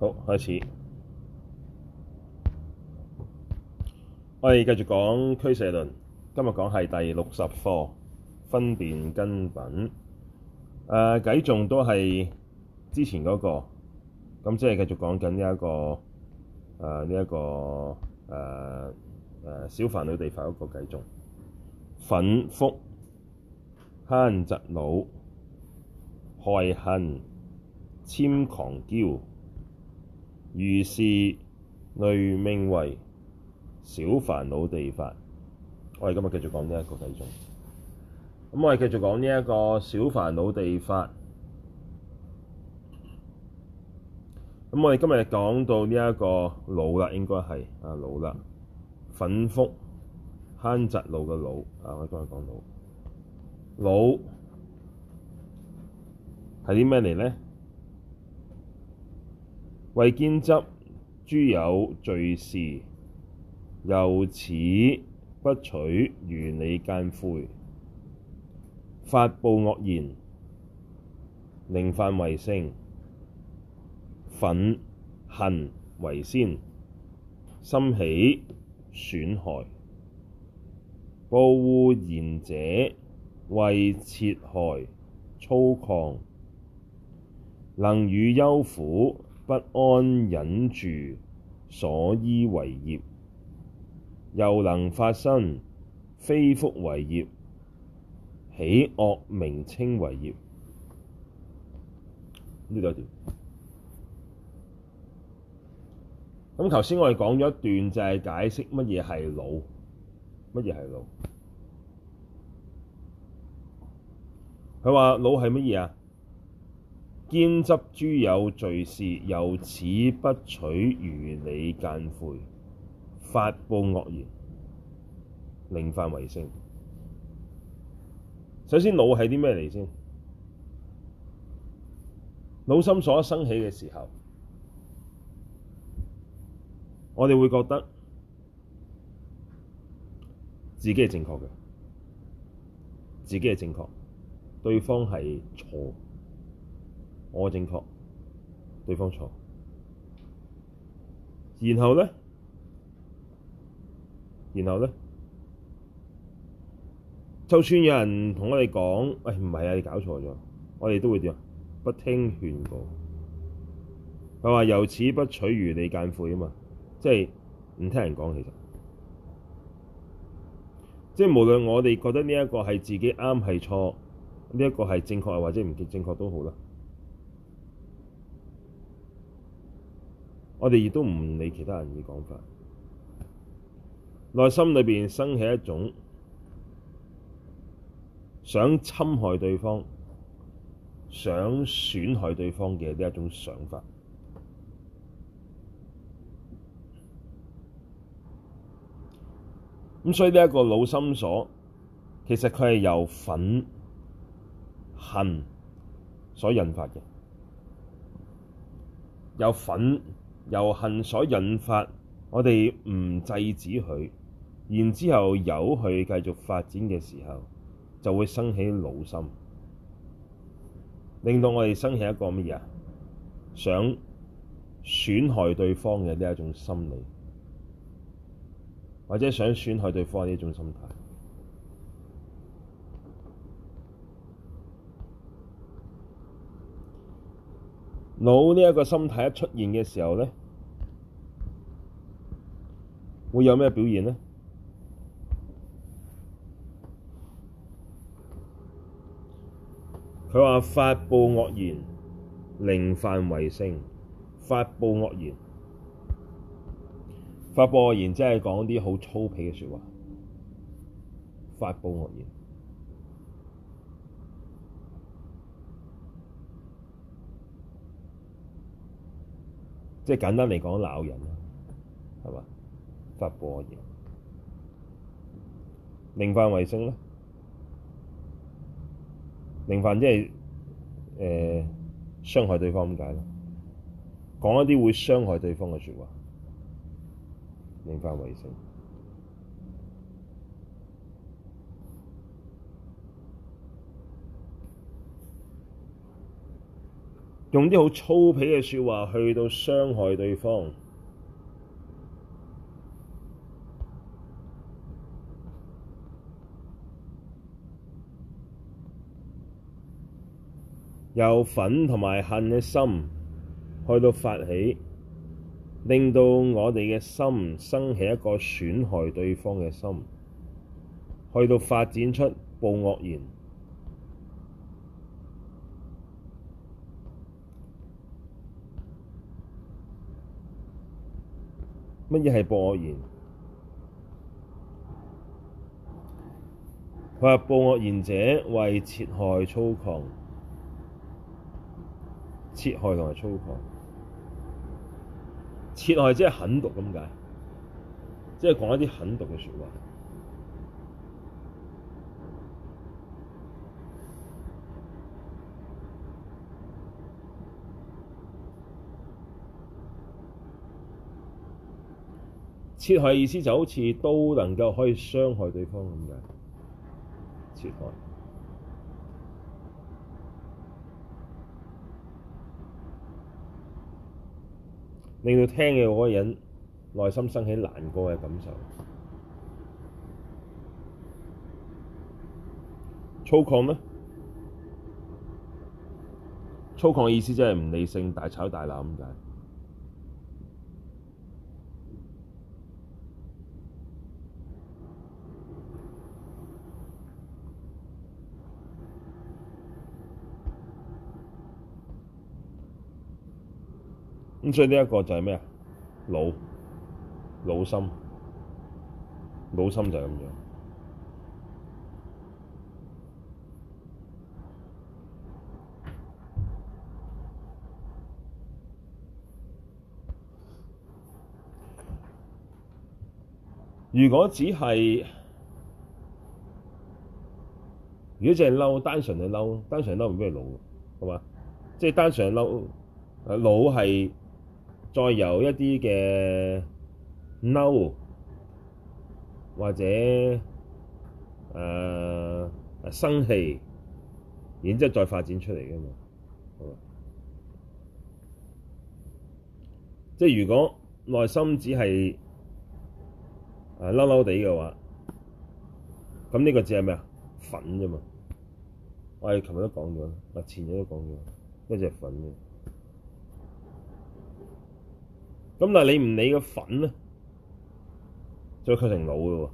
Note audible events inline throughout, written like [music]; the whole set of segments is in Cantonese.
好，開始。我哋繼續講俱舍論。今日講係第六十課，分別根品。誒、呃，計重都係之前嗰、那個，咁、嗯、即係繼續講緊、這、呢、個呃這個呃呃、一個誒呢一個誒誒小煩惱地法嗰個計重忿覆慳嫉惱害恨諂誑憍。如是類名為小煩惱地法。我哋今日繼續講呢一個計種。咁我哋繼續講呢一個小煩惱地法。咁我哋今日講到呢、這、一個惱啦，應該係啊惱啦，忿覆慳嫉惱嘅惱，惱啊，我哋今日講到「惱係啲咩嚟咧？謂堅執諸有罪事，由此不取，如理諫悔。發暴惡言，陵犯為性。忿、恨為先，心起損害。暴惡言者，謂切害、粗獷，能與憂苦，不安隱住，所依為業，又能發生非福為業，起惡名稱為業。呢度一條。咁頭先我哋講咗一段，一段就係、是、解釋乜嘢係惱，乜嘢係惱。佢話惱係乜嘢啊？堅執諸有罪事，由此不取如理諫悔，發暴惡言，陵犯為性。首先，惱係啲咩嚟先？惱心所生起嘅時候，我哋會覺得自己係正確嘅，自己係正確，對方係錯。我正確，對方錯。然後咧，然後咧，就算有人同我哋講：喂、哎，唔係啊，你搞錯咗，我哋都會點啊？不聽勸告，佢話由此不取如理諫悔啊嘛，即係唔聽人講。其實即係無論我哋覺得呢一個係自己啱係錯，呢一個係正確，或者唔正確都好啦。我哋亦都唔理其他人嘅講法，內心裏邊生起一種想侵害對方、想損害對方嘅呢一種想法。咁所以呢一個惱心所，其實佢係由忿恨所引發嘅，有忿，由恨所引發，我哋唔制止佢，然之後由佢繼續發展嘅時候，就會生起惱心，令到我哋生起一個乜嘢啊？想損害對方嘅呢一種心理，或者想損害對方呢一種心態。惱呢一個心態一出現嘅時候咧。會有咩表現呢？佢話發暴惡言，陵犯為性。發暴惡言，發暴惡言即係講啲好粗鄙嘅說話。發暴惡言，即係簡單嚟講，鬧人，係嘛？發暴惡言，陵犯為性呢，陵犯即係誒、呃、傷害對方咁解咯，講一啲會傷害對方嘅説話，陵犯為性，用啲好粗鄙嘅説話去到傷害對方。由忿同埋恨嘅心去到發起，令到我哋嘅心生起一個損害對方嘅心，去到發展出暴惡言。乜嘢係暴惡言？佢話暴惡言者為切害粗獷。切害同埋粗獷，切害即係狠毒咁解，即係講一啲狠毒嘅說話。切害意思就好似刀能夠可以傷害對方咁解，切害。令到聽嘅嗰個人內心生起難過嘅感受，粗獷咩？粗獷意思即係唔理性、大吵大鬧咁解。咁所以呢一個就係咩啊？惱，惱心，惱心就係咁樣。如果只係如果淨係嬲，單純係嬲，單純嬲唔係咩惱，係嘛？即係單純嬲，啊、就是、惱係。再有一啲嘅嬲或者誒、uh, 生氣，然之後再發展出嚟嘅嘛，好，即係如果內心只係誒嬲嬲地嘅話，咁呢個字係咩啊？忿啫嘛，我哋琴日都講咗，啊前日都講咗，都係只忿嘅。咁但係你唔理嘅份咧，就會屈成老嘅喎，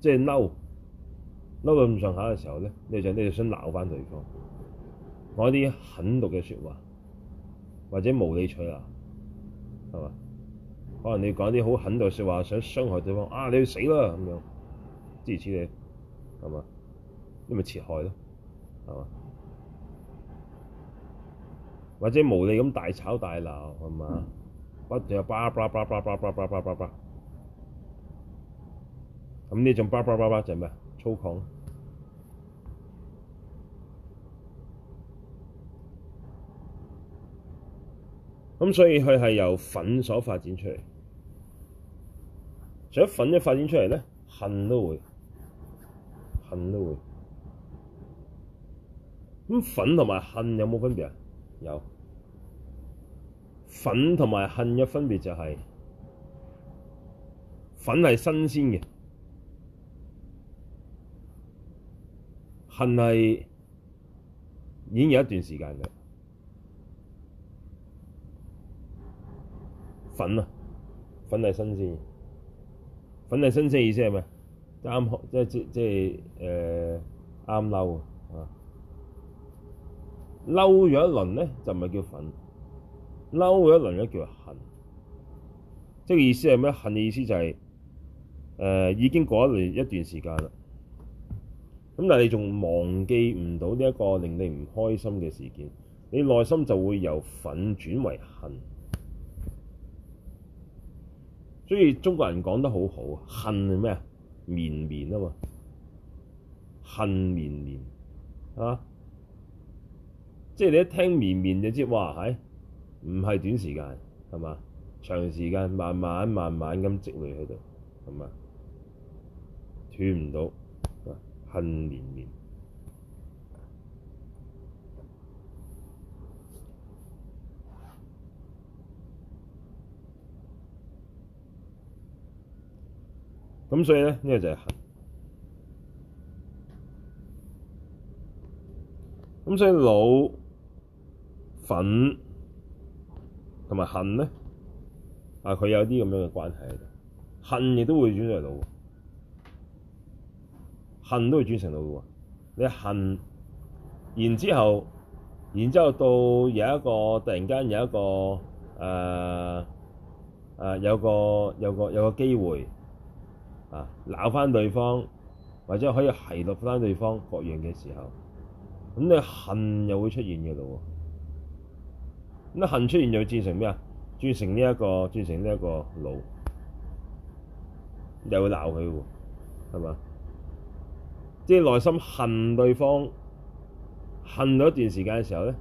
即係嬲，嬲到咁上下嘅時候咧，你就你就想鬧翻對方，講啲狠毒嘅說話，或者無理取鬧、啊，係嘛？可能你講啲好狠毒嘅說話，想傷害對方，啊你去死啦咁樣，諸如此類，係嘛？呢咪切害咯，係嘛？或者無理咁大吵大鬧係嘛？是不斷又叭叭叭叭叭叭叭叭叭叭，咁呢、嗯、 [laughs] 種叭叭叭叭係咩？粗獷。咁所以佢係由忿所發展出嚟。除咗忿一發展出嚟咧，恨都會，恨都會。咁忿同埋恨有冇分別啊？有。忿同埋恨嘅分別就係，忿係新鮮嘅，恨係已經有一段時間嘅。忿啊，忿係新鮮，忿係新鮮意思係咩？啱即即即係誒啱嬲啊！嬲咗一輪咧，就唔係叫忿。嬲咗一輪咧叫恨，即係意思係咩？恨嘅意思就係、是、誒、呃、已經過一輪一段時間啦。咁但係你仲忘記唔到呢一個令你唔開心嘅事件，你內心就會由忿轉為恨。所以中國人講得好好，恨係咩啊？綿綿啊嘛，恨綿綿啊，即係你一聽綿綿就知，哇係。唔係短時間，係嘛？長時間，慢慢慢慢咁積累喺度，係嘛？斷唔到啊，恨連連。咁所以咧，呢個就係恨。咁所以老粉。同埋恨咧，啊，佢有啲咁樣嘅關係嘅，恨亦都會轉成到，恨都會轉成到嘅。你恨，然之後，然之後到有一個突然間有一個誒誒、呃呃、有個有個有個有個機會啊，鬧翻對方，或者可以奚落翻對方各樣嘅時候，咁你恨又會出現嘅嘞。咁恨出現就會轉成咩啊？轉成呢、這、一個轉成呢一個惱，又會鬧佢嘅喎，係嘛？即係內心恨對方，恨咗一段時間嘅時候咧，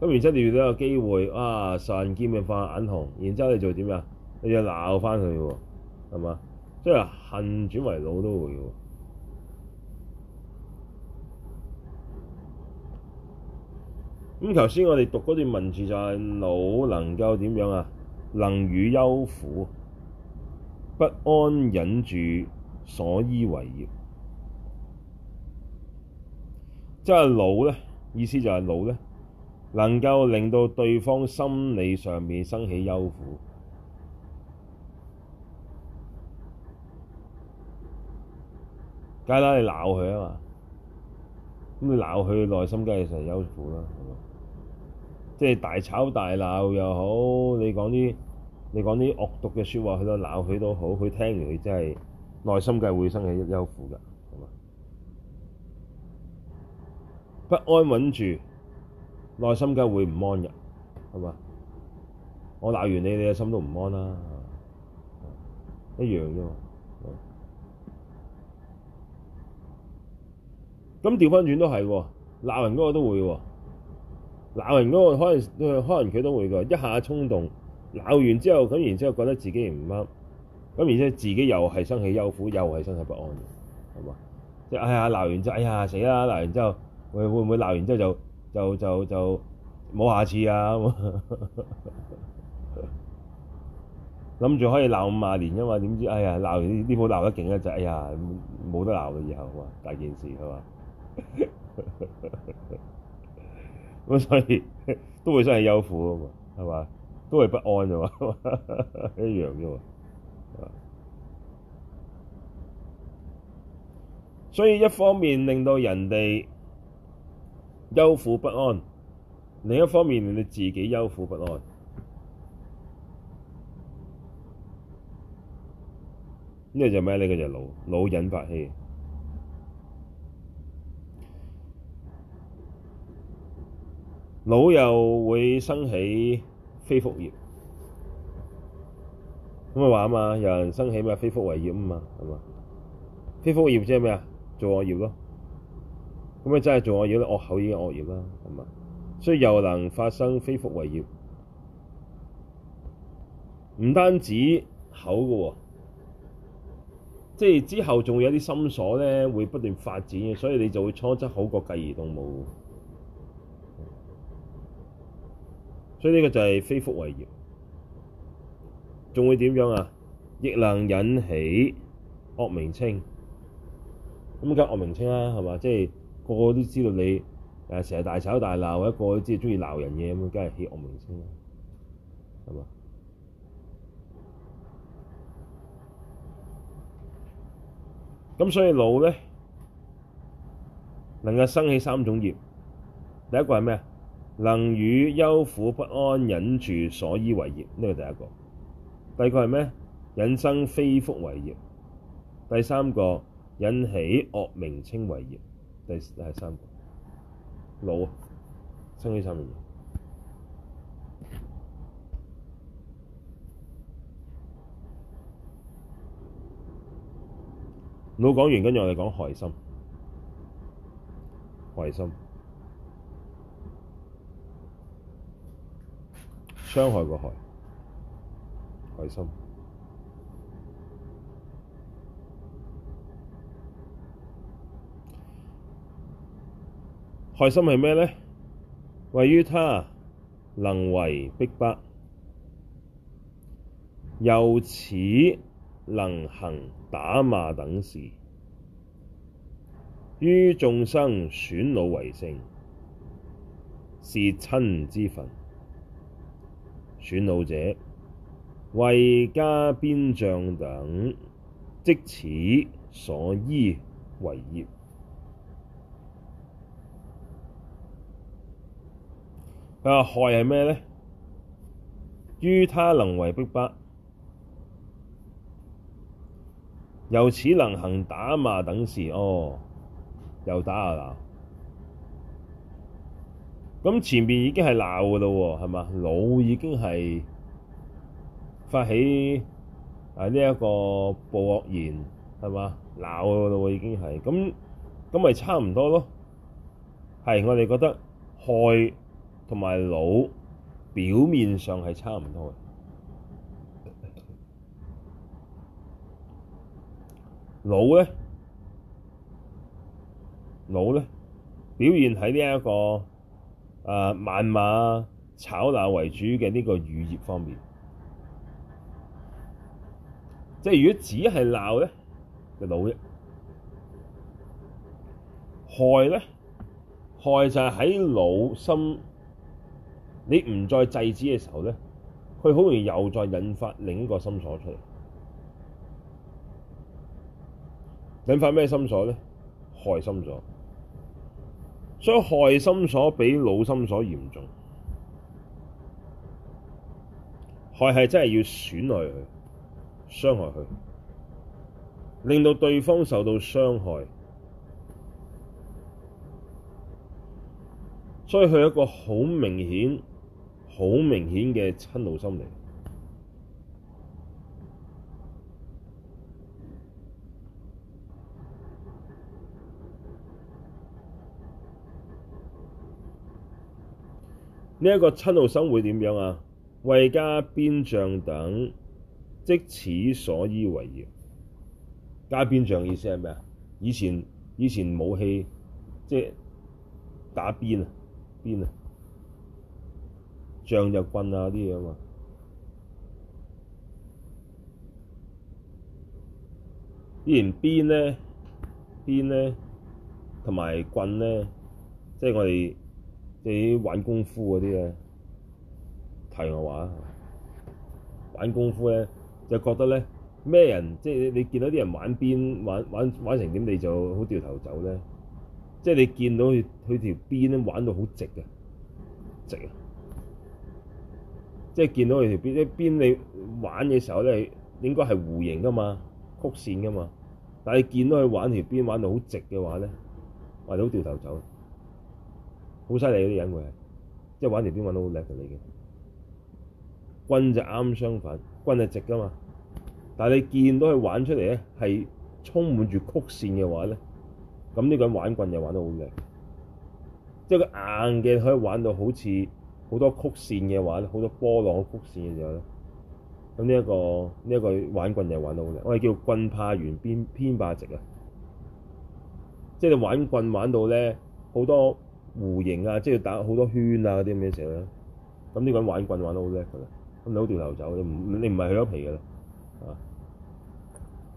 咁然之後你遇到一個機會，啊，仇人見面化眼紅，然之後你做點啊？你要鬧翻佢嘅喎，係嘛？即係恨轉為惱都會喎。咁頭先我哋讀嗰段文字就係惱能夠點樣啊？能與憂苦不安隱住所依為業，即係惱咧意思就係惱咧能夠令到對方心理上面生起憂苦，梗係啦，你鬧佢啊嘛，咁你鬧佢，內心梗係成憂苦啦。即係大吵大鬧又好，你講啲你講啲惡毒嘅説話去到鬧佢都好，佢聽完佢真係內心梗係會生起憂苦㗎，係嘛？不安穩住，內心梗係會唔安㗎，係嘛？我鬧完你，你嘅心都唔安啦，一樣啫嘛。咁調翻轉都係喎，鬧人嗰個都會喎。鬧人嗰個可能，可能佢都會嘅，一下衝動鬧完之後，咁然之後覺得自己唔啱，咁然之後自己又係生起憂苦，又係生起不安嘅，係嘛？即係，哎呀，鬧完之後，哎呀死啦！鬧完之後，會會唔會鬧完之後就就就就冇下次啊？諗 [laughs] 住可以鬧五廿年啫嘛？點知哎呀，鬧完呢呢鋪鬧得勁一陣，哎呀冇得鬧嘅以後啊，大件事係嘛？ [laughs] 咁所以都會引起憂苦啊嘛，係嘛？都會不安啫嘛， [laughs] 一樣啫嘛。所以一方面令到人哋憂苦不安，另一方面令到自己憂苦不安。呢個就係咩呢？佢就惱，惱引發氣。惱又會生起非福業，咁啊話嘛，有人生起咩非福為業啊嘛，係嘛？非福業即係咩啊？做惡業咯。咁咪真係做惡業咧，惡口已經惡業啦，係嘛？所以又能發生非福為業，唔單止口嘅喎，即係之後仲有啲心所咧，會不斷發展嘅，所以你就會挫折好過繼而動武。所以呢個就係非福為業，仲會點樣啊？亦能引起惡名稱。咁啊，梗係惡名稱啦，係嘛？即係個個都知道你誒，成日大吵大鬧，一個即係中意鬧人嘅，咁啊，梗係起惡名稱啦，係嘛？咁所以惱咧，能夠生起三種業。第一個係咩啊？能與憂苦不安隱住所依為業，呢個第一個。第二個係咩？引生非福為業。第三個引起惡名稱為業。第第三個。惱，先呢三樣嘢。惱講完，跟住我哋講害心，害心。傷害嘅害，害心。害心係咩呢？謂於他能為逼迫，由此能行打罵等事，於眾生損惱為性，是瞋之分。損惱者、謂加鞭杖等，即此所依為業。佢話害係咩呢？於他能為逼迫，由此能行打罵等事哦，又打啊嗱！咁前面已經係鬧噶啦，係嘛？惱已經係發起啊呢一個暴惡言，係嘛？鬧噶啦，已經係咁，咁咪差唔多咯。係我哋覺得害同埋惱表面上係差唔多嘅，惱咧，惱咧表現喺呢一個。啊，謾罵吵鬧為主嘅呢個語業方面，即係如果只係鬧咧，就惱啫；害咧，害就係喺惱心，你唔再制止嘅時候咧，佢好容易又再引發另一個心所出嚟，引發咩心所咧？害心所。所以害心所比惱心所嚴重，害係真係要損害佢、傷害佢，令到對方受到傷害。所以佢係一個好明顯、好明顯嘅瞋惱心理。呢一個七路生活點樣啊？謂加鞭杖等，即此所依為業。加鞭杖意思係咩啊？以前以前武器即打鞭啊，鞭啊，杖入棍啊啲嘢啊嘛。以前鞭咧，鞭咧，同埋棍咧，即我哋。你玩功夫嗰啲咧，睇我玩。玩功夫咧就覺得咧咩人，即係你見到啲人玩邊玩玩玩成點，你就好掉頭走咧。即係你見到佢佢條邊咧玩到好直啊，直啊！即係見到佢條邊即邊你玩嘅時候咧，應該係弧形噶嘛，曲線噶嘛，但係見到佢玩條邊玩到好直嘅話咧，或者好掉頭走。好犀利嗰啲人，佢係即係玩條鞭玩到好叻嘅，你嘅棍就啱相反，棍係直噶嘛。但係你見到佢玩出嚟咧，係充滿住曲線嘅話咧，咁呢個人玩棍又玩到好叻。即係佢硬嘅可以玩到好似好多曲線嘅話，好多波浪、曲線嘅時候咧，咁呢一個呢一個玩棍又玩到好叻。我哋叫棍怕圓，鞭偏怕直啊！即係你玩棍玩到咧好多。弧形啊，即要打好多圈啊，嗰啲咁嘅時候咧，咁呢個玩棍玩得好叻噶啦，咁你好掉頭走，你唔，你唔係佢攞皮噶啦，啊，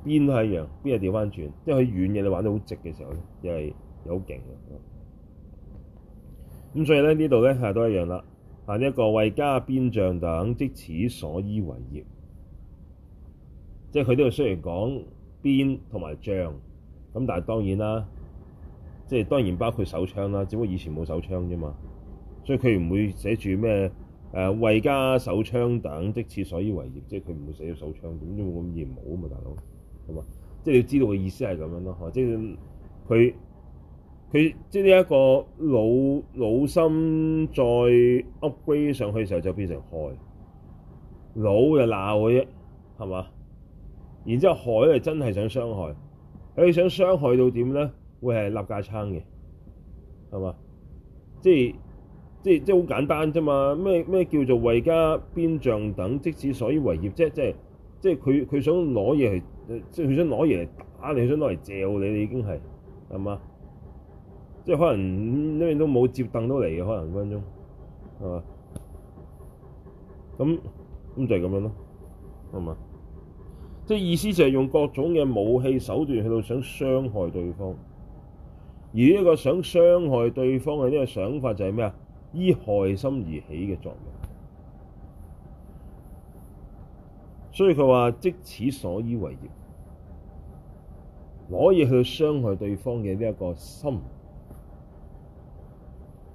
邊都係一樣，邊係調翻轉，即係佢遠嘅你玩到好直嘅時候咧，又係有好勁嘅。咁、啊、所以咧呢度咧係都一樣啦，呢一個謂加鞭杖等，即此所依為業，即係佢呢度雖然講鞭同埋杖，咁但係當然啦。即係當然包括手槍啦，只不過以前冇手槍啫嘛，所以佢唔會寫住咩誒為加手槍等，即此所依為業。即係佢唔會寫咗手槍，點解會咁野毛啊嘛，大佬係嘛？即係你知道嘅意思係咁樣咯，即係佢佢即係呢一個惱，惱心再 upgrade 上去嘅時候就變成害，惱就鬧嘅啫，係嘛？然之後害係真係想傷害，佢想傷害到點咧？會係立架撐嘅，係嘛？即係即係即係好簡單啫嘛？咩咩叫做謂加鞭杖等，即此所依為業啫？即係即係佢佢想攞嘢嚟，即係佢想攞嘢嚟打你，佢想攞嚟嚼你，你已經係係嘛？即係可能因邊、嗯、都冇接凳到嚟嘅，可能五分鐘，係嘛？咁咁就係咁樣咯，係嘛？即係意思就係用各種嘅武器手段去到想傷害對方。而呢一個想傷害對方嘅呢個想法就係咩啊？依害心而起嘅作用，所以佢話即此所依為業，可以去傷害對方嘅呢一個心。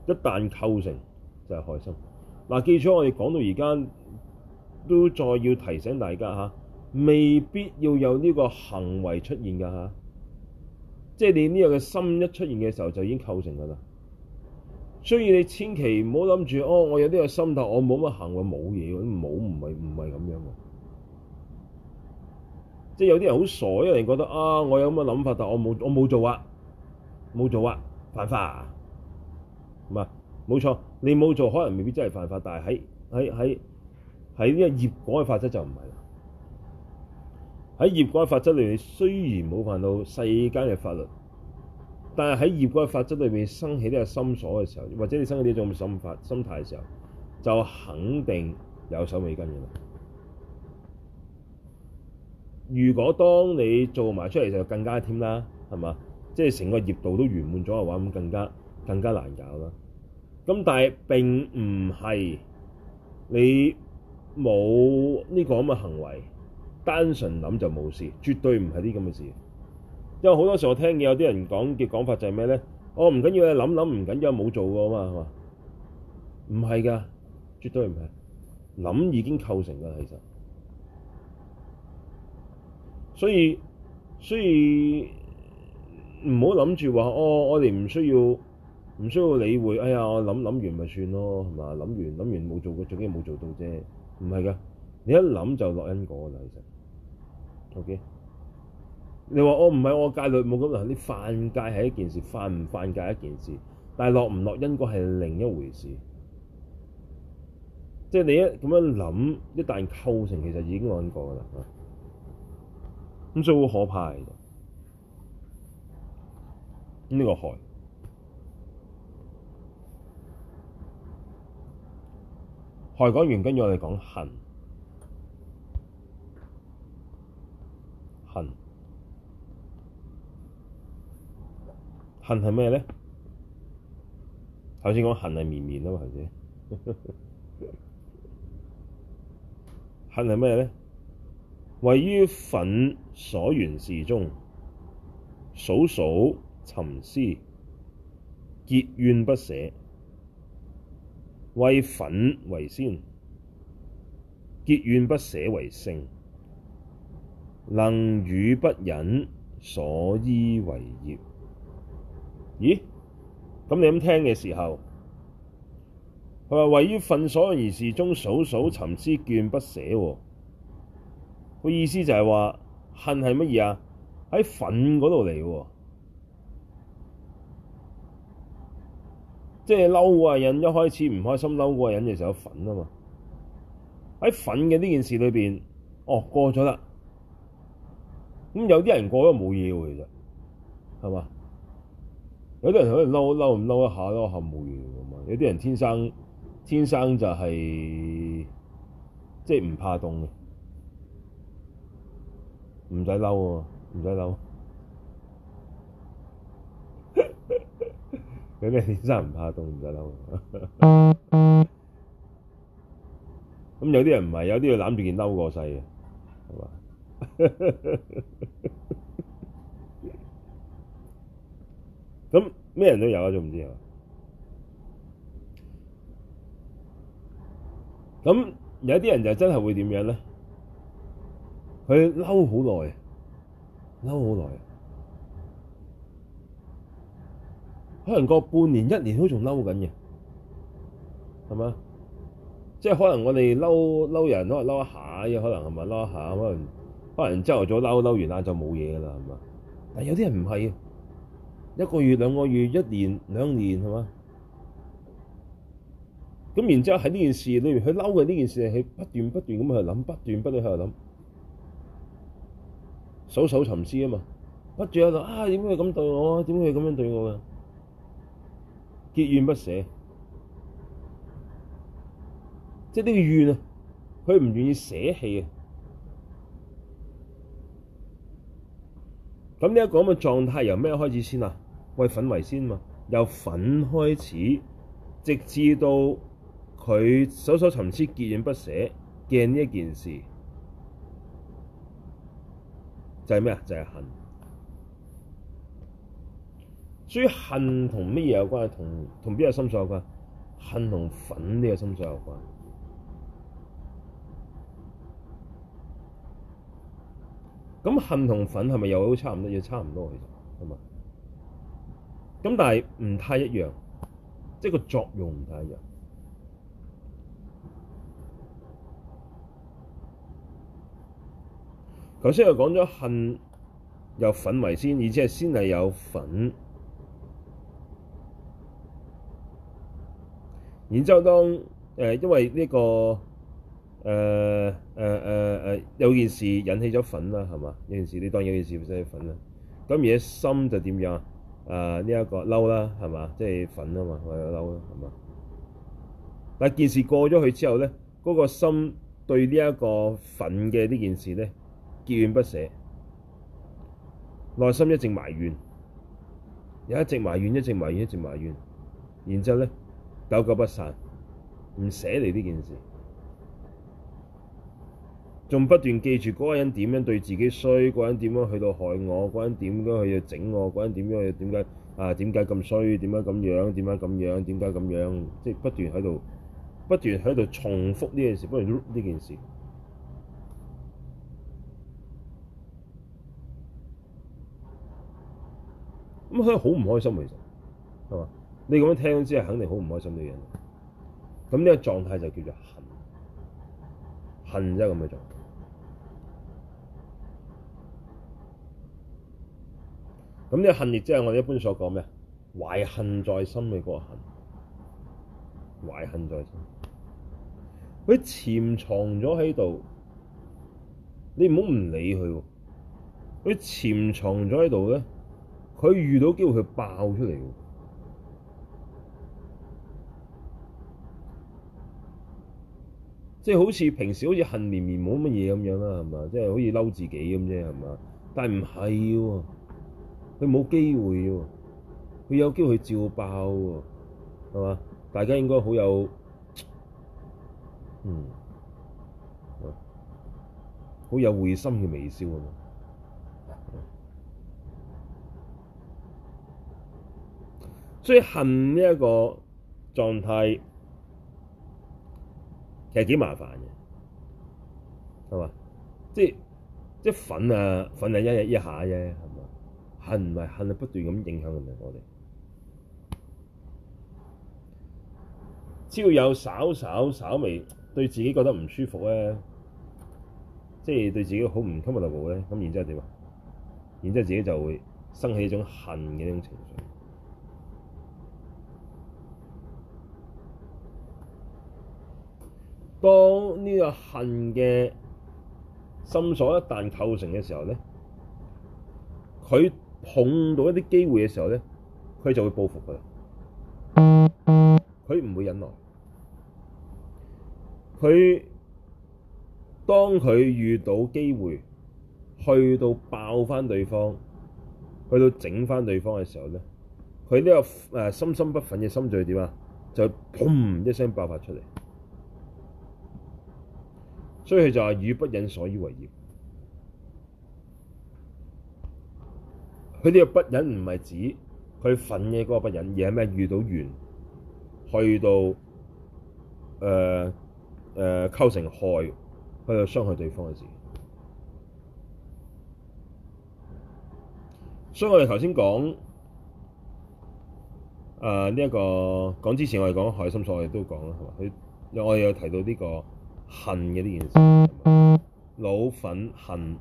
一旦構成就係害心。嗱，記住我哋講到而家都再要提醒大家嚇，未必要有呢個行為出現㗎嚇。即係你呢個嘅心一出現嘅時候，就已經構成㗎啦。所以你千祈唔好諗住，哦，我有呢個嘅心態，但我冇乜行為，冇嘢，冇唔係唔係咁樣喎。即係有啲人好傻，有人覺得啊，我有咁嘅諗法，但我冇我冇做啊，冇做啊，犯法啊。唔係，冇錯，你冇做可能未必真係犯法，但係喺喺喺喺呢個業果嘅法則就唔係啦。喺業嗰法則裏面，雖然冇犯到世間嘅法律，但係喺業嗰法則裏面生起呢啲心所嘅時候，或者你生起啲咁嘅心法、心態嘅時候，就肯定有手尾跟嘅。如果當你做埋出嚟就更加添啦，係嘛？即係成個業道都圓滿咗嘅話，咁更加更加難搞啦。咁但係並唔係你冇呢個咁嘅行為，單純諗就冇事，絕對唔係啲咁嘅事。因為好多時候我聽見有啲人講嘅講法就係咩咧？哦，唔緊要，你諗諗唔緊要，冇做過嘛，係嘛？唔係㗎，絕對唔係。諗已經構成㗎，其實。所以，所以唔好諗住話哦，我哋唔需要，唔需要理會。哎呀，我諗諗完咪算咯，係嘛？諗完諗完冇做過，總之冇做到啫。唔係㗎，你一諗就落因果㗎啦，其實。O.K. 你話、哦、我唔係我戒律冇咁啦，你犯戒係一件事，犯唔犯戒一件事，但係落唔落因果係另一回事。即係你一咁樣諗，一旦構成，其實已經攬過噶啦。咁最好可怕嚟，呢、呢個害害講完，跟住我哋講恨。恨係咩呢？頭先講恨係綿綿啊嘛，係咪？恨係咩呢？謂於忿所緣事中，數數尋思，結怨不捨，謂忿為先，結怨不捨為性，能與不忍，所依為業。咦，咁你咁聽嘅時候，佢話謂於忿所緣事中數數，數數尋思結怨不捨，哦。個意思就係話恨係乜嘢啊？喺忿嗰度嚟，即係嬲嗰個人一開始唔開心，啊，嬲嗰個人嘅時候，忿啊嘛。喺忿嘅呢件事裏邊，哦過咗啦。咁有啲人過咗冇嘢喎，其實係嘛？有啲人可能嬲嬲，唔嬲一下都服務員嚟嘛。有啲人天生天生，就係即係唔怕凍嘅，唔使嬲喎，唔使嬲。有啲人天生唔怕凍，唔使嬲。咁有啲人唔係，有啲要攬住件褸過世嘅，係嘛？咁咩人都有啊，仲唔知啊。咁有啲人就真係會點樣咧？佢嬲好耐，嬲好耐。可能過半年、一年都仲嬲緊嘅，係嘛？即係可能我哋嬲嬲人，可能嬲一下嘅，可能係咪嬲一下？可能可能朝頭早嬲嬲完晏晝就冇嘢㗎啦，係嘛？但係有啲人唔係啊。一個月、兩個月、一年、兩年，係嘛？咁然之後喺呢件事裏面，佢嬲嘅呢件事，係不斷不斷咁喺度諗，不斷不斷喺度諗，數數尋思啊嘛！不住喺度啊，點解佢咁對我？點解佢咁樣對我嘅？結怨不捨，即係呢個怨啊，佢唔願意捨棄啊。咁呢一個咁嘅狀態，由咩開始先啊？謂忿為先嘛，由忿開始，直至到佢數數尋思、結怨不捨嘅呢一件事，就係咩啊？就係、是、恨。所以恨同乜嘢有關？同同邊個心所有關？恨同忿呢個心所有關。咁恨同忿係咪又差唔多？亦差唔多，其實係嘛？咁但係唔太一樣，即係個作用唔太一樣。頭先又講咗恨有忿為先，而且係先係有忿，然之後當誒、呃、因為呢、這個誒誒誒誒有件事引起咗忿啦，係嘛？有件事你當有件事引起忿啦。咁而家心就點樣？誒呢、呃、一個嬲啦，係嘛？即係忿啊嘛，或者嬲啦，係嘛？但件事過咗去之後咧，嗰、嗰個心對呢一個忿嘅呢件事咧，結怨不捨，內心一直埋怨，又一,一直埋怨，一直埋怨，一直埋怨，然之後咧，久久不散，唔捨離呢件事。仲不斷記住嗰個人點樣對自己衰，嗰人點樣去到害我，嗰人點樣去要整我，嗰人點樣去點解啊？點解咁衰？點樣咁樣？點樣咁樣？點解咁樣？即係不斷喺度，不斷喺度重複呢件事，不斷呢件事。咁佢好唔開心，其實係嘛？你咁樣聽之後，肯定好唔開心啲人。咁呢個狀態就叫做恨，恨啫咁嘅狀態。咁呢個恨亦即係我哋一般所講咩啊？懷恨在心嘅嗰個恨，懷恨在心，佢潛藏咗喺度，你唔好唔理佢喎，佢潛藏咗喺度咧，佢遇到機會佢爆出嚟，即係好似平時好似恨綿綿冇乜嘢咁樣啦，係嘛？即係好似嬲自己咁啫，係嘛？但係唔係喎。佢冇機會喎，佢有機會照爆喎，係嘛？大家應該好有，嗯，好有會心嘅微笑啊嘛。所以恨呢一個狀態，其實幾麻煩嘅，係嘛？即即忿啊，忿啊一日一下啫。恨唔係恨，係不，不斷咁影響住我哋。只要有稍稍、稍微對自己覺得唔舒服咧，即係對自己好唔襟嘅一步咧，咁然之後點啊？然之後自己就會生起一種恨嘅一種情緒。當呢個恨嘅心所一旦構成嘅時候咧，佢碰到一啲機會嘅時候咧，佢就會報復㗎喇。佢唔會忍耐。佢當佢遇到機會，去到爆翻對方，去到整翻對方嘅時候咧，佢呢、這個誒、啊、深深不忿嘅心就會點啊？就砰一聲爆發出嚟。所以佢就話與不忍，所以為業。佢呢個不忍唔係指佢忿嘅嗰個不忍，而係咩遇到怨，去到誒誒構成害，去到傷害對方嘅事。所以我哋頭先講誒呢一個講之前我講，我哋講害心所，我哋都講啦，係嘛？佢我哋有提到呢個恨嘅呢件事，惱忿恨呢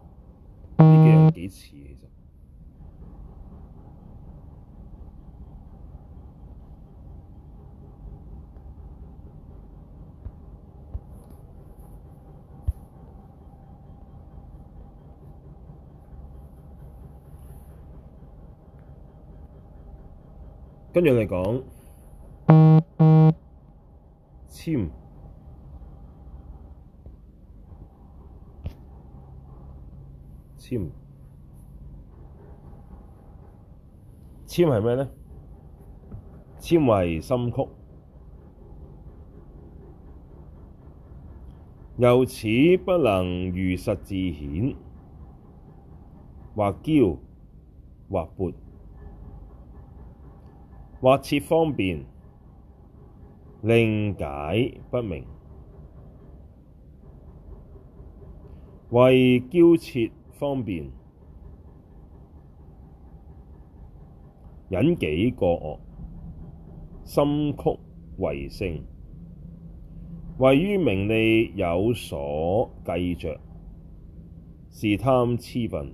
幾樣幾似其實。跟住我哋講，諂諂諂係咩呢？諂為心曲，由此不能如實自顯，或矯或撥。或設方便，令解不明；謂矯設方便，隱己過惡，心曲為性。謂於名利有所計著，是貪痴分。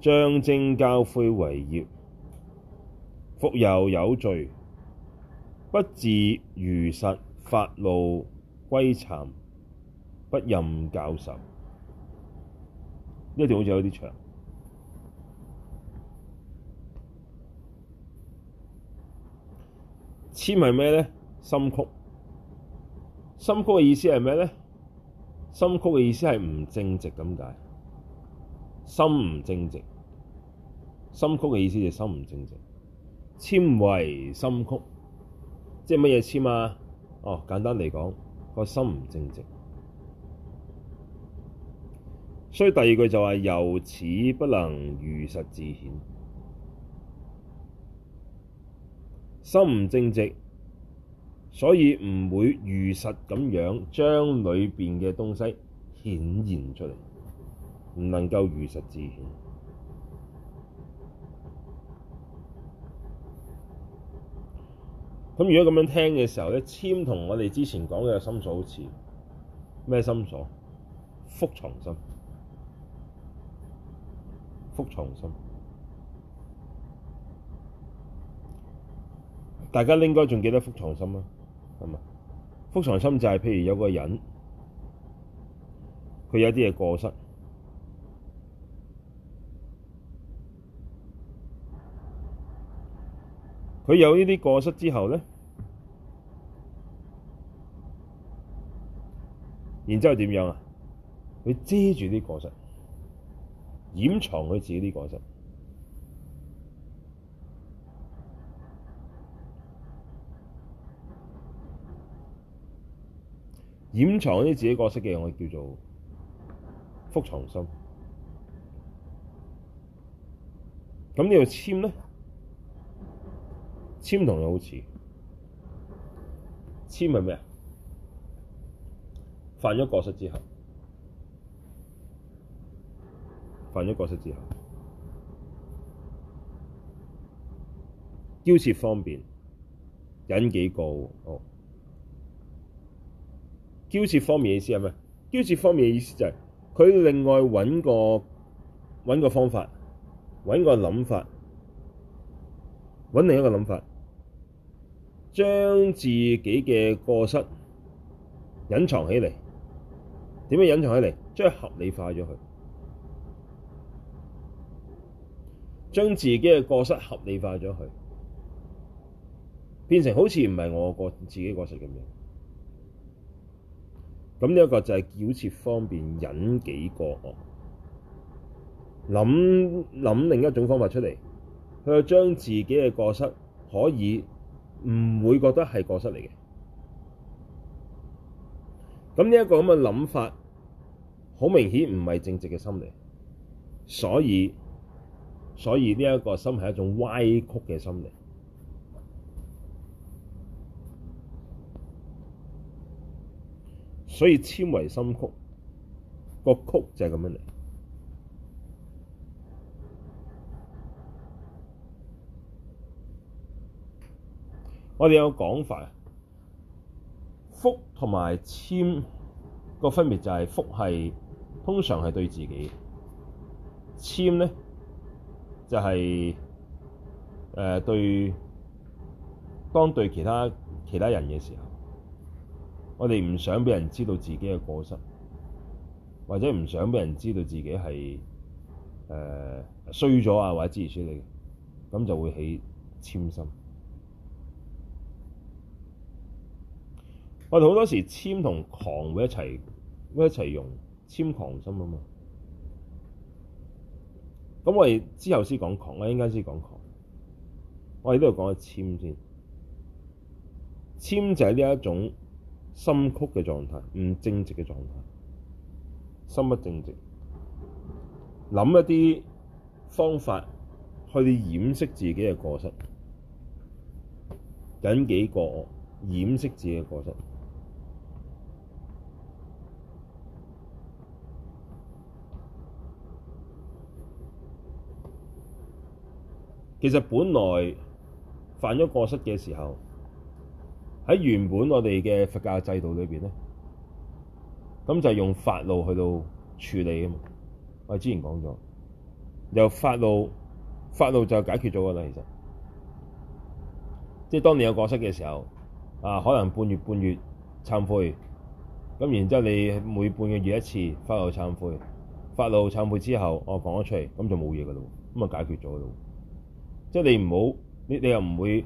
障正教誨為業。復有有罪，不自如實，發露歸懺，不任教授。呢條好似有啲長。諂係咩呢？心曲。心曲嘅意思係咩呢？心曲嘅意思係唔正直咁解。心唔正直。心曲嘅意思就係心唔正直。諂謂心曲，即係乜嘢諂啊？哦，簡單嚟講，個心唔正直，所以第二句就話、係、由此不能如實自顯。心唔正直，所以唔會如實咁樣將裏邊嘅東西顯現出嚟，唔能夠如實自顯。咁如果咁樣聽嘅時候咧，諂同我哋之前講嘅心所好似，咩心所？覆藏心，覆藏心。大家應該仲記得覆藏心啊，係嘛？覆藏心就係譬如有個人，佢有啲嘢過失，佢有呢啲過失之後咧。然之後點樣啊？佢遮住啲過失，掩藏佢自己啲過失，掩藏啲自己過失嘅我叫做覆藏心。咁呢條諂咧，諂同又好似，諂係咩啊？犯咗過失之後，犯咗過失之後，矯設方便，隱己過惡哦。矯設方便嘅意思係咩？矯設方便嘅意思就係、是、佢另外揾個揾個方法，揾個諗法，揾另一個諗法，將自己嘅過失隱藏起嚟。點樣隱藏起嚟？將合理化咗佢，將自己嘅過失合理化咗佢，變成好似唔係我過自己過失咁樣。咁呢一個就係矯設方便，隱己過惡，我諗諗另一種方法出嚟。佢又將自己嘅過失可以唔會覺得係過失嚟嘅？咁呢一個咁嘅諗法。好明顯唔係正直嘅心理，所以所以呢一個心係一種歪曲嘅心理，所以諂謂心曲，個曲就係咁樣嚟。我哋有個講法啊，覆同埋諂個分別就係覆係。通常係對自己，諂咧，就係、是、誒、呃、對當對其他其他人嘅時候，我哋唔想俾人知道自己嘅過失，或者唔想俾人知道自己係誒衰咗啊，或者之類之類咁就會起諂心。我哋好多時諂同誑會一齊會一齊用。諂誑心啊嘛，咁我哋之後先講誑，誑，我應該先講誑。我哋都度講諂先，諂就係呢一種心曲嘅狀態，唔正直嘅狀態，心不正直，諗一啲方法去掩飾自己嘅過失，緊幾個掩飾自己嘅過失。其實本來犯咗過失嘅時候，喺原本我哋嘅佛教制度裏邊咧，咁就係用發露去到處理啊嘛。我之前講咗，由發露發露就解決咗噶啦。其實即係當你有過失嘅時候，啊，可能半月半月懺悔，咁然之後你每半個月一次發露懺悔，發露懺悔之後，我講咗出嚟，咁就冇嘢噶啦，咁啊解決咗啦。即係你唔好，你你又唔會，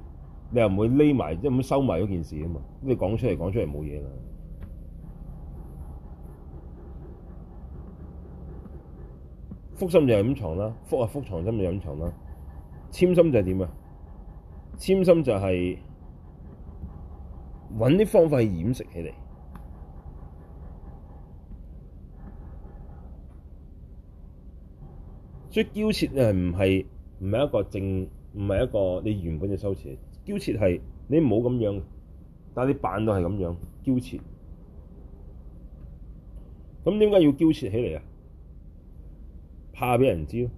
你又唔會匿埋，即係咁收埋嗰件事啊嘛！你講出嚟，講出嚟冇嘢啦。覆心就係掩藏啦，覆啊覆藏，心就掩藏啦。諂心就係點啊？諂心就係揾啲方法去掩飾起嚟，所以矯設啊，唔係。唔係一個正，唔係一個你原本嘅羞恥，矯設係你冇咁樣，但係你扮到係咁樣矯設。咁點解要矯設起嚟啊？怕俾人知咯。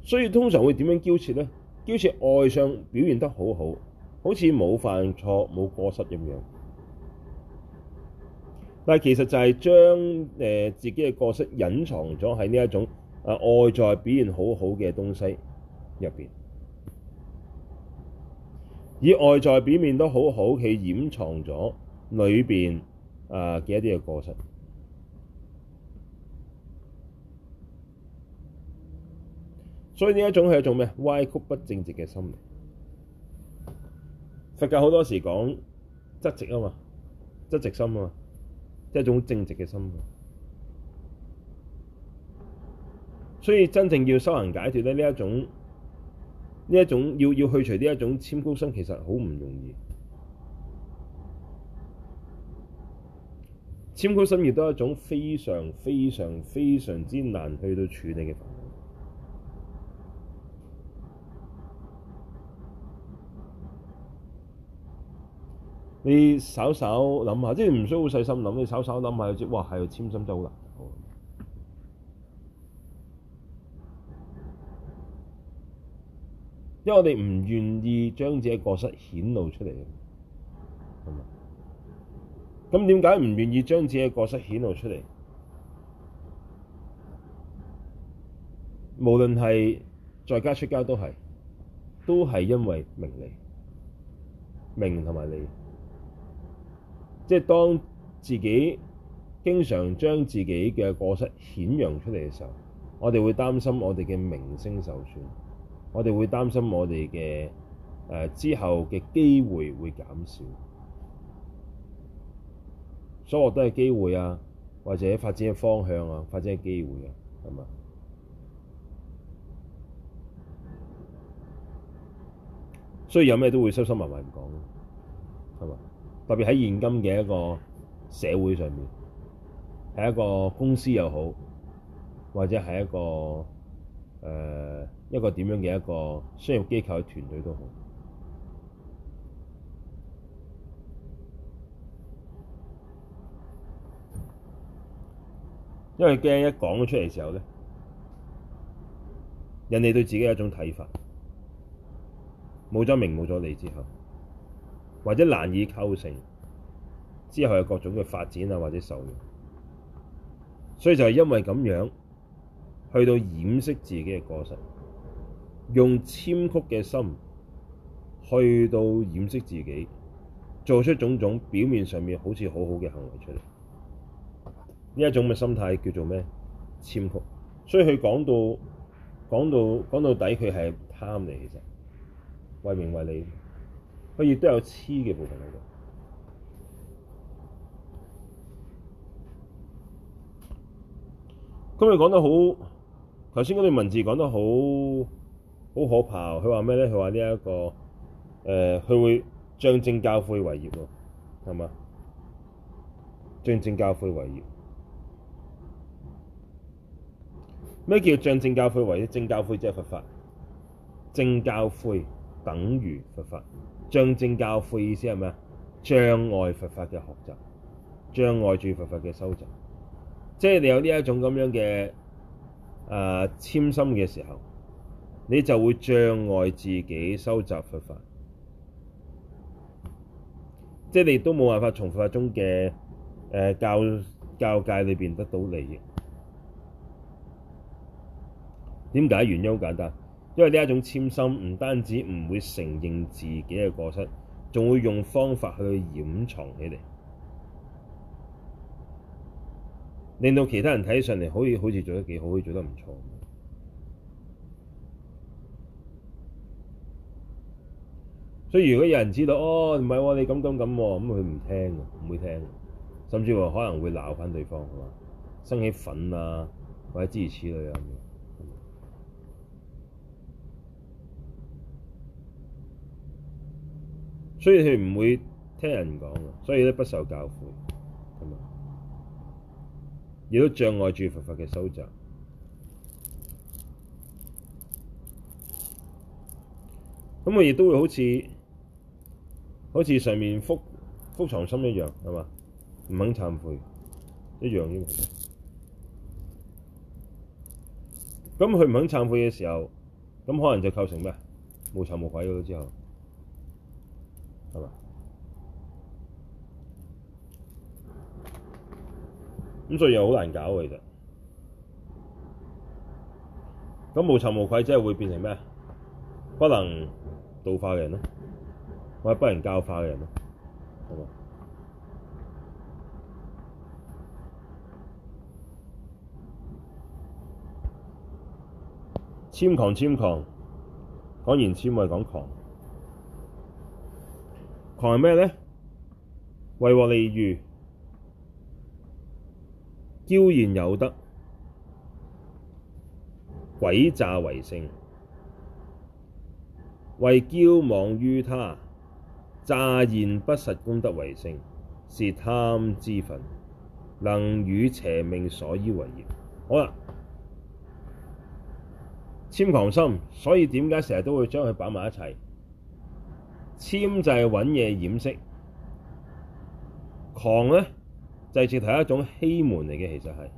所以通常會點樣矯設咧？矯設外相表現得好好，好似冇犯錯、冇過失咁樣。但其實就係將誒自己嘅角色隱藏咗喺呢一種啊外在表現好好嘅東西入邊，以外在表面都好好去掩藏咗裏邊啊嘅一啲嘅過失。所以呢一種係一種咩歪曲不正直嘅心理。佛教好多時講質直啊嘛，質直心啊嘛。一種正直嘅心，所以真正要修行解脫咧，呢一種呢一種，一種要要去除呢一種諂曲心，其實好唔容易。諂曲心亦都係一種非常非常非常之難去到處理嘅。你稍稍諗下，即係唔需要好細心諗。你稍稍諗下，即哇係諂心真好難，因為我哋唔願意將自己嘅過失顯露出嚟。咁點解唔願意將自己嘅過失顯露出嚟？無論係在家出家都係，都係因為名利、名同埋利。即係當自己經常將自己嘅過失顯揚出嚟嘅時候，我哋會擔心我哋嘅名聲受損，我哋會擔心我哋嘅誒之後嘅機會會減少。所獲得嘅機會啊，或者發展嘅方向啊，發展嘅機會啊，係嘛？所以有咩都會收收埋埋唔講，係嘛？特別喺現今嘅一個社會上面，係一個公司又好，或者係一個誒、呃、一個點樣嘅一個商業機構嘅團隊都好，因為驚一講咗出嚟嘅時候咧，人哋對自己有一種睇法，冇咗名冇咗利之後。或者難以構成之後有各種嘅發展啊，或者受用，所以就係因為咁樣去到掩飾自己嘅過失，用諂曲嘅心去到掩飾自己，做出種種表面上面好似好好嘅行為出嚟，呢一種嘅心態叫做咩？諂曲，所以佢講到講到講到底，佢係貪你。其實，為名為利。佢亦都有黐嘅部分喺度。佢講得好，頭先嗰段文字講得好好可怕。佢話咩咧？佢話呢一個誒，佢、呃、會將正教誨為業喎，係嘛？將正教誨為業，咩叫將正教誨為業？正教誨即係佛法，正教誨等於佛法。障正教誨，意思係咩啊？障礙佛法嘅學習，障礙住佛法嘅修習，即係你有呢一種咁樣嘅誒諂心嘅時候，你就會障礙自己收集佛法，即係你都冇辦法從佛法中嘅誒、呃、教，教教誡裏邊得到利益。點解？原因好簡單。因為呢一種諂心唔單止唔會承認自己嘅過失，仲會用方法去掩藏起嚟，令到其他人睇起上嚟可以好似做得幾好，做得唔錯。所以如果有人知道，哦，唔係喎，你咁咁咁，咁佢唔聽，唔會聽，甚至乎可能會鬧返對方，係嘛？生起忿啊，或者諸如此類咁嘅。所以佢唔會聽人講，所以咧不受教誨，咁亦都障礙住佛法嘅修習。咁佢亦都會好似，好似上面覆覆藏心一樣，係嘛？唔肯懺悔，一樣嘢。咁佢唔肯懺悔嘅時候，咁可能就構成咩？無慚無愧咯，之後。咁所以又好難搞喎，其實。咁無慚無愧，即係會變成咩？不能度化嘅人咧，或者不能教化嘅人咧，係嘛？諂誑諂誑，講完諂咪講誑，誑係咩咧？為獲利譽。矯現有德，詭詐為性，謂矯妄於他，詐現不實，功德為性，是貪之分，能與邪命所依為業。好啦，諂誑心，所以點解成日都會將佢擺埋一齊？諂就係揾嘢掩飾，誑呢？就係一種欺門嚟嘅，其實係，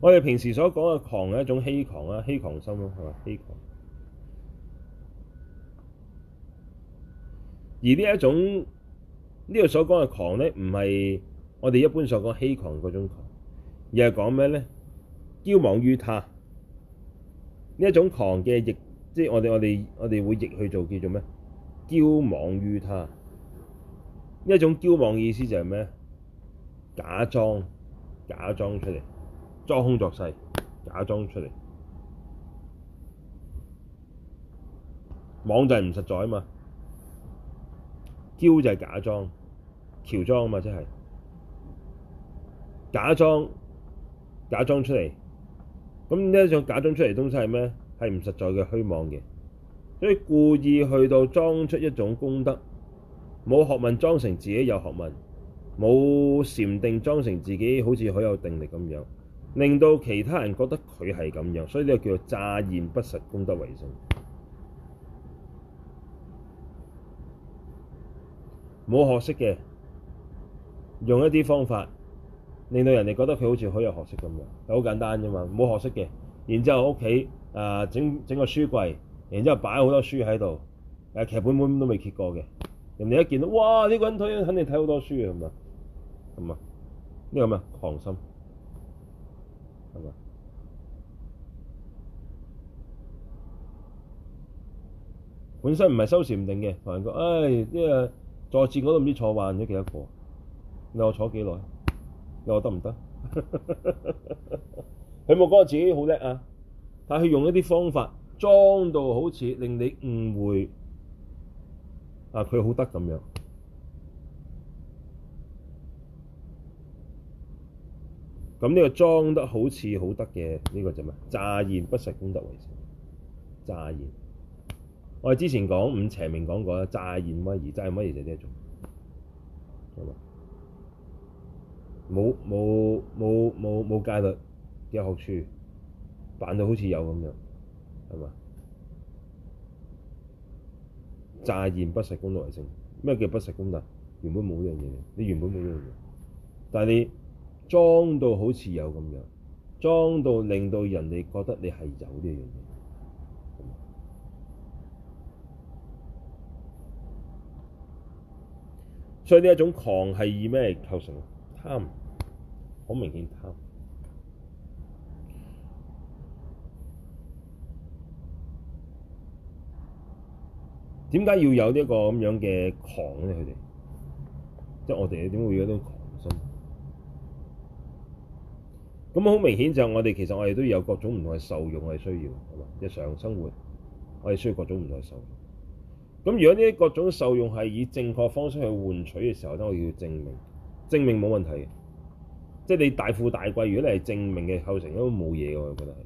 我哋平時所講嘅狂係一種欺狂啊，欺狂心咯，係咪欺狂？而呢一種呢度所講嘅狂呢，唔係我哋一般所講欺狂嗰種狂，而係講咩呢？矯妄於他呢一種誑嘅逆，即係我哋我哋我哋會逆去做叫做咩？矯妄於他呢一種矯妄意思就係咩？假裝，假裝出嚟，裝腔作勢，假裝出嚟，妄就係唔實在啊嘛，矯就係假裝，喬裝啊嘛，即係假裝，假裝出嚟。咁呢一種假裝出嚟嘅東西係咩？係唔實在嘅虛妄嘅，所以故意去到裝出一種功德，冇學問裝成自己有學問，冇禪定裝成自己好似好有定力咁樣，令到其他人覺得佢係咁樣，所以呢個叫做詐現不實功德為性，冇學識嘅，用一啲方法。令到人哋覺得佢好似好有學識咁樣，好簡單啫嘛，冇學識嘅。然之後屋企啊，整整個書櫃，然之後擺好多書喺度，誒、呃、其實本本都未揭過嘅。人哋一見到，哇！呢、這個人睇肯定睇好多書嘅，係咪？係咪？呢個咩啊？誑心。係咪？本身唔係收視唔定嘅，同人講。唉、哎，呢個坐墊我都唔知坐暈咗幾多個。你話我坐幾耐？又得唔得？佢冇覺得自己好叻啊！但係佢用一啲方法裝到好似令你誤會，啊佢好得咁樣。咁呢個裝得好似好得嘅呢、呢個就咩？詐現不實功德為性。詐現，我哋之前講五邪命講過啦，詐現威儀，詐乜嘢？儀就呢一種。冇冇冇冇冇戒律，嘅學處，扮到好似有咁樣，係嘛？詐現不實功德為性，咩叫不實功德？原本冇呢樣嘢，你原本冇呢樣嘢，但係你裝到好似有咁樣，裝到令到人哋覺得你係有呢樣嘢。所以呢一種誑係以咩嚟構成？貪。嗯好明顯，點解要有這個這呢個咁樣嘅誑咧？佢哋即係我哋點會有呢個誑心？咁好、嗯、明顯就我哋其實我哋都有各種唔同嘅受用嘅需要，係嘛，日常生活，我哋需要各種唔同嘅受用。咁如果呢各種受用係以正確方式去換取嘅時候，咧我要證明證明冇問題嘅。即係你大富大貴，如果你係正命嘅構成，都冇嘢嘅喎，我覺得係。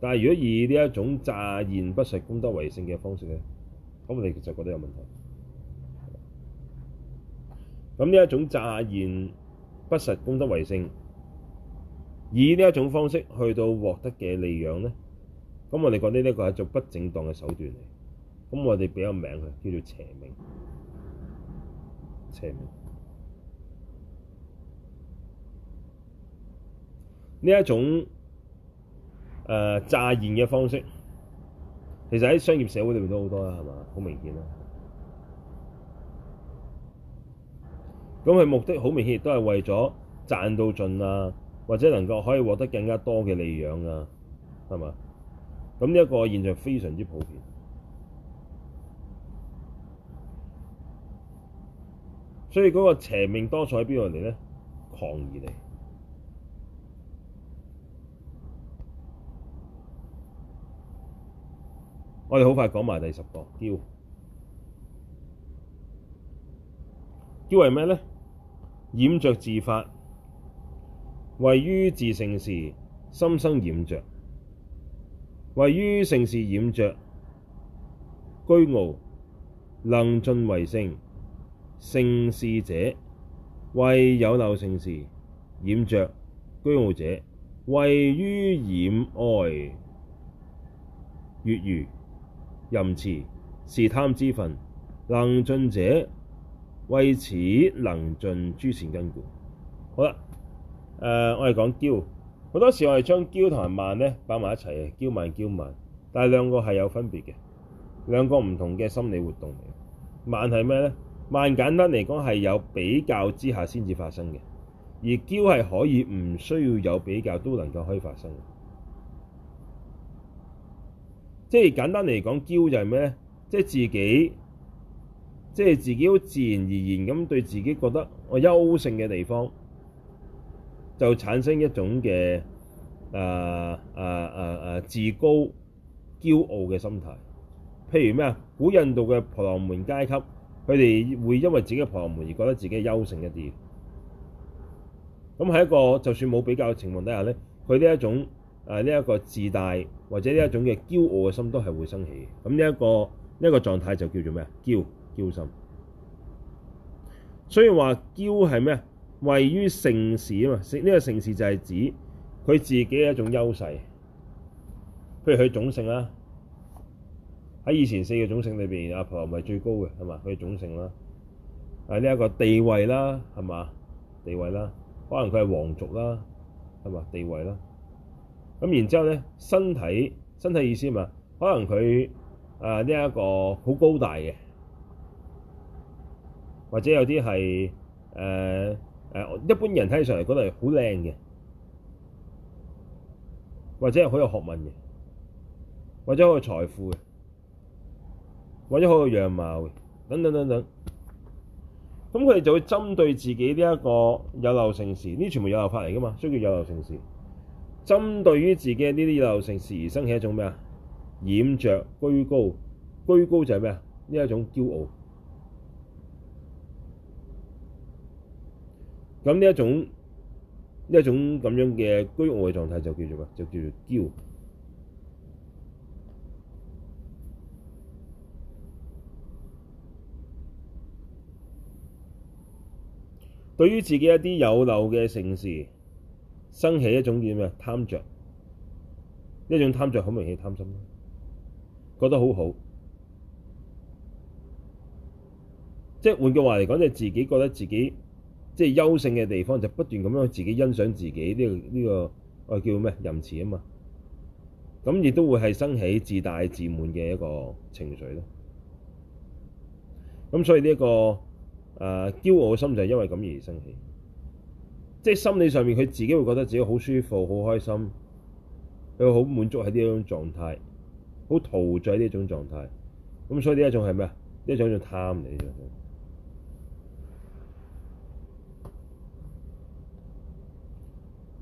但係如果以呢一種詐現不實、功德為性嘅方式咧，咁我哋就覺得有問題。咁呢一種詐現不實、功德為性，以呢一種方式去到獲得嘅利養咧，咁我哋覺得呢個，佢係做不正當嘅手段嚟。咁我哋俾個名佢，叫做邪命。邪命。呢一種誒詐現嘅方式，其實喺商業社會裏面都好多啦，係嘛？好明顯啦，咁佢目的好明顯亦都係為咗賺到盡啊，或者能夠可以獲得更加多嘅利養啊，係嘛？咁呢一個現象非常之普遍，所以嗰個邪命多數喺邊度嚟咧？誑而嚟。我哋好快講埋第十個。憍，憍係咩呢？染著自法，謂於自盛事深生染著；謂於盛事染著、倨傲，能盡為性。盛事者，謂有漏盛事染著。倨傲者，謂於染愛悅豫。矜持是貪之分，能盡者謂此能盡諸善根故。好啦，誒、呃，我哋講憍，好多時我哋將憍同慢咧擺埋一齊，憍慢憍慢，但係兩個係有分別嘅，兩個唔同嘅心理活動嚟。慢係咩咧？慢簡單嚟講係有比較之下先至發生嘅，而憍係可以唔需要有比較都能夠可以發生。即係簡單嚟講，憍就係咩咧？即係自己，即係自己好自然而然咁對自己覺得我優勝嘅地方，就產生一種嘅誒誒誒誒自高驕傲嘅心態。譬如咩啊？古印度嘅婆羅門階級，佢哋會因為自己嘅婆羅門而覺得自己優勝一啲。咁喺一個就算冇比較嘅情況底下咧，佢呢一種誒呢、啊、一個自大。或者呢一種嘅驕傲嘅心都係會升起嘅，咁呢一個呢一、這個狀態就叫做咩啊？驕驕心。所以話驕係咩啊？位於城市啊嘛，呢、這個城市就係指佢自己嘅一種優勢，譬如佢種姓啦，喺以前四個種姓裏邊，阿婆唔係最高嘅係嘛？佢種姓啦，啊呢一個地位啦係嘛？地位啦，可能佢係皇族啦係嘛？地位啦。咁然之後咧，身體、身體意思嘛，可能佢誒呢一個好高大嘅，或者有啲係誒誒一般人睇上嚟覺得係好靚嘅，或者係好有學問嘅，或者好有財富嘅，或者好有樣貌嘅，等等等等。咁佢哋就會針對自己呢一個有漏盛事，呢啲全部有漏法嚟噶嘛，所以叫有漏盛事。針對於自己呢啲有漏盛事而生起一種咩啊？染著、倨傲，倨傲就係咩啊？呢一種驕傲。咁呢一種呢一種咁樣嘅倨傲嘅狀態就叫做咩？就叫做驕傲。對於自己一啲有漏嘅盛事，生起一種叫咩？貪着。一種貪着，好明易顯係貪心啦，覺得好好，即係換句話嚟講，就自己覺得自己即係優勝嘅地方，就不斷咁樣自己欣賞自己呢、這個呢、這個啊叫咩？矜持啊嘛，咁亦都會係生起自大自滿嘅一個情緒咯。咁所以呢、這、一個誒、呃、驕傲嘅心就係因為咁而生起。即係心理上面，佢自己會覺得自己好舒服、好開心，佢好滿足喺呢一種狀態，好陶醉呢種狀態。咁所以呢一種係咩？呢一種係貪嚟嘅。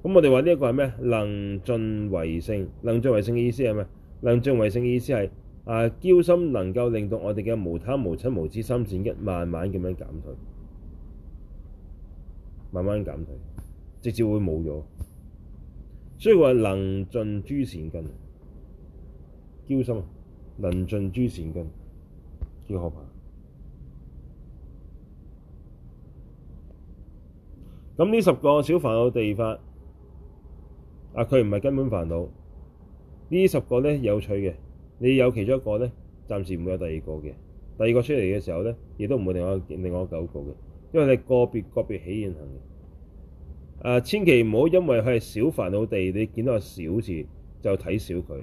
咁我哋話呢一個係咩？能盡為性，能盡為性嘅意思係咩？能盡為性嘅意思係啊，憍心能夠令到我哋嘅無貪無親無、無嗔、無癡心念一慢慢咁樣減退，慢慢減退。直接會冇咗，所以話能盡諸善根，憍心能盡諸善根，幾可怕！咁呢十個小煩惱地法啊，佢唔係根本煩惱。呢十個咧有趣嘅，你有其中一個咧，暫時唔會有第二個嘅。第二個出嚟嘅時候咧，亦都唔會另外另外九個嘅，因為你個別個別起現行嘅。誒、啊，千祈唔好因為佢係小煩惱地，你見到個小字就睇小佢，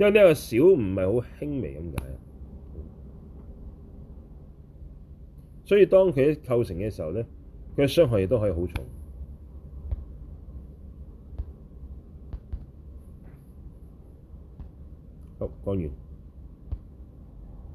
因為呢個小唔係好輕微咁解，所以當佢構成嘅時候咧，佢嘅傷害亦都可以好重。好，講完。